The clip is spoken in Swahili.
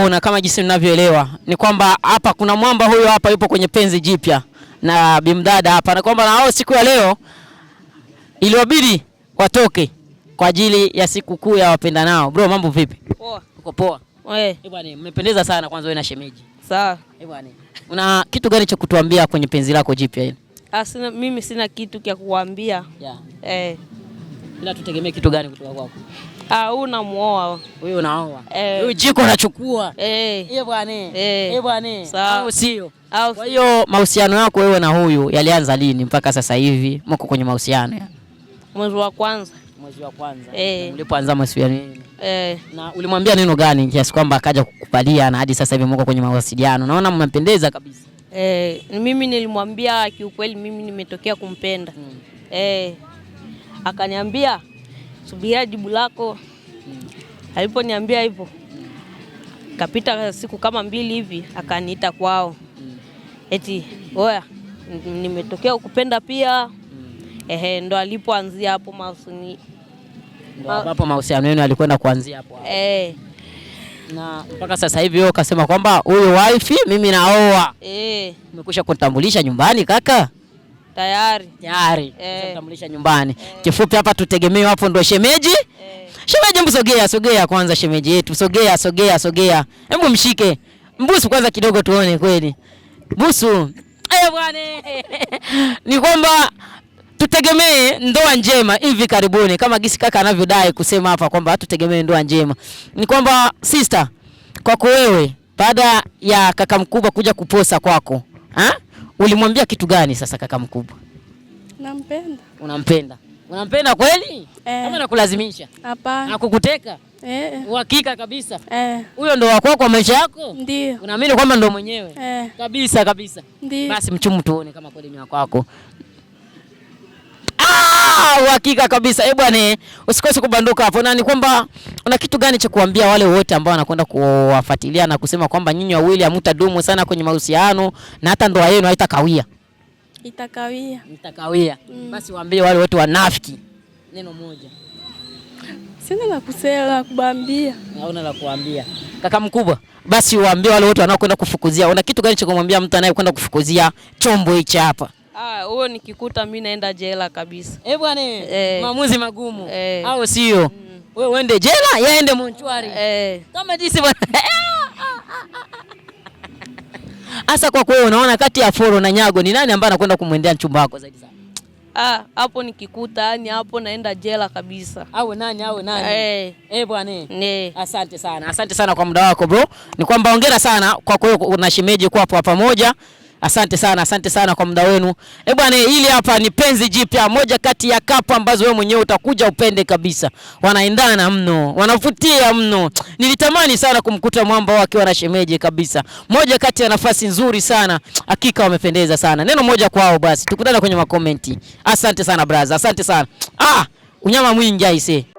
Una kama jinsi mnavyoelewa ni kwamba hapa kuna mwamba huyo hapa yupo kwenye penzi jipya na bimdada hapa, na kwamba nao siku ya leo iliwabidi watoke kwa ajili ya siku kuu ya wapenda nao. Bro, mambo vipi? Poa. Uko poa? Eh. eh bwana, mmependeza sana kwanza wewe na shemeji. Sawa. Eh bwana, una kitu gani cha kutuambia kwenye penzi lako jipya hili? Ah, sina mimi sina kitu cha kuambia. Yeah. Eh ila tutegemee kitu gani kutoka kwako? Ah, huyu namuoa. huyu, unaoa huyu eh. e, jiko anachukua. eh, eh bwana eh bwana, sawa Au sio? Au. Kwa hiyo mahusiano yako wewe na huyu yalianza lini mpaka sasa hivi mko kwenye mahusiano? Mwezi wa kwanza. Mwezi wa kwanza Eh. ulipoanza mahusiano yenu Eh. Na ulimwambia neno gani kiasi kwamba akaja kukubalia na hadi sasa hivi mko kwenye mawasiliano? Naona mmempendeza kabisa. Eh, mimi nilimwambia kiukweli mimi nimetokea kumpenda. Hmm. Eh akaniambia subiria jibu lako. Aliponiambia hivyo, kapita siku kama mbili hivi, akaniita kwao, eti oya, nimetokea ukupenda pia. Ehe, ndo alipoanzia hapo mausuni ambapo mahusiano yenu alikwenda kuanzia hapo hapo. Eh. Na mpaka sasa hivi wewe ukasema kwamba huyu wife mimi naoa. Eh. Umekwisha kutambulisha nyumbani kaka? tayari tayari eh. tutamlisha nyumbani. Kifupi hapa tutegemee hapo ndo shemeji. Eh. Shemeji, hebu sogea sogea kwanza, shemeji yetu sogea sogea sogea, hebu mshike mbusu kwanza kidogo tuone kweli busu. Eh bwana, ni kwamba tutegemee ndoa njema hivi karibuni, kama gisi kaka anavyodai kusema hapa kwamba tutegemee ndoa njema. Ni kwamba sister, kwako wewe, baada ya kaka mkubwa kuja kuposa kwako ha? Ulimwambia kitu gani sasa kaka mkubwa? Nampenda. Unampenda? Unampenda kweli? Eh. Kama nakulazimisha? Hapana. Nakukuteka? Eh. Uhakika kabisa? Eh. Huyo ndo wako kwa maisha yako? Ndio. Unaamini kwamba ndo mwenyewe? Eh. Kabisa kabisa. Ndio. Basi mchumu tuone kama kweli ni wako wako. Ah, uhakika kabisa. Eh bwana, eh, usikose kubanduka hapo, na ni kwamba una kitu gani cha kuambia wale wote ambao wanakwenda kuwafuatilia na kusema kwamba nyinyi wawili hamtadumu sana kwenye mahusiano na hata ndoa yenu haitakawia? Itakawia, itakawia. Mm. Basi waambie wale wote wanafiki neno moja. Sina la kusema la kubambia. Naona la kuambia. Kaka mkubwa, basi waambie wale wote wanaokwenda kufukuzia. Una kitu gani cha kumwambia mtu anayekwenda kufukuzia chombo hichi hapa? Ah, huo nikikuta mimi naenda jela kabisa. Eh bwana, eh, eh, maamuzi magumu eh, au sio? Mm. Wewe uende jela, yeye aende monchwari eh, kama jinsi bwana Asa kwa kweli unaona kati ya Foro na Nyago ni nani ambaye anakwenda kumwendea mchumba wako zaidi sana? Ah, hapo nikikuta yani hapo naenda jela kabisa. Au nani au nani? Eh, eh bwana. Eh. Asante sana. Asante sana kwa muda wako bro. Ni kwamba hongera sana kwa kwa na shemeji kwa pamoja. Asante sana, asante sana kwa muda wenu. Eh bwana, hili hapa ni penzi jipya, moja kati ya kapu ambazo wewe mwenyewe utakuja upende kabisa. Wanaendana mno, wanavutia mno. Nilitamani sana kumkuta mwamba wake wana shemeji kabisa. Moja kati ya nafasi nzuri sana. Hakika wamependeza sana. Neno moja kwao basi. Tukutane kwenye makomenti. Asante sana brother, asante sana. Ah, unyama mwingi aise.